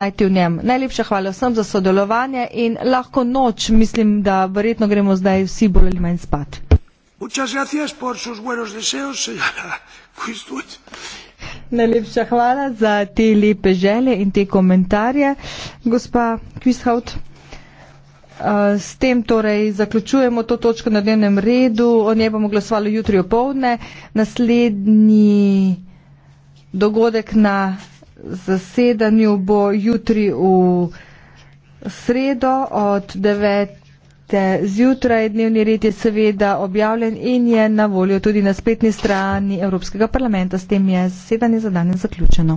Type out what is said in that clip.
najti v njem. Najlepša hvala vsem za sodelovanje in lahko noč, mislim, da verjetno gremo zdaj vsi bolj ali manj spat. Deseos, Najlepša hvala za te lepe želje in te komentarje, gospa Kvisthaut. S tem torej zaključujemo to točko na dnevnem redu, o njej bomo glasovali jutri o povdne. Naslednji dogodek na zasedanju bo jutri v sredo od 9. zjutraj. Dnevni red je seveda objavljen in je na voljo tudi na spletni strani Evropskega parlamenta. S tem je zasedanje za danes zaključeno.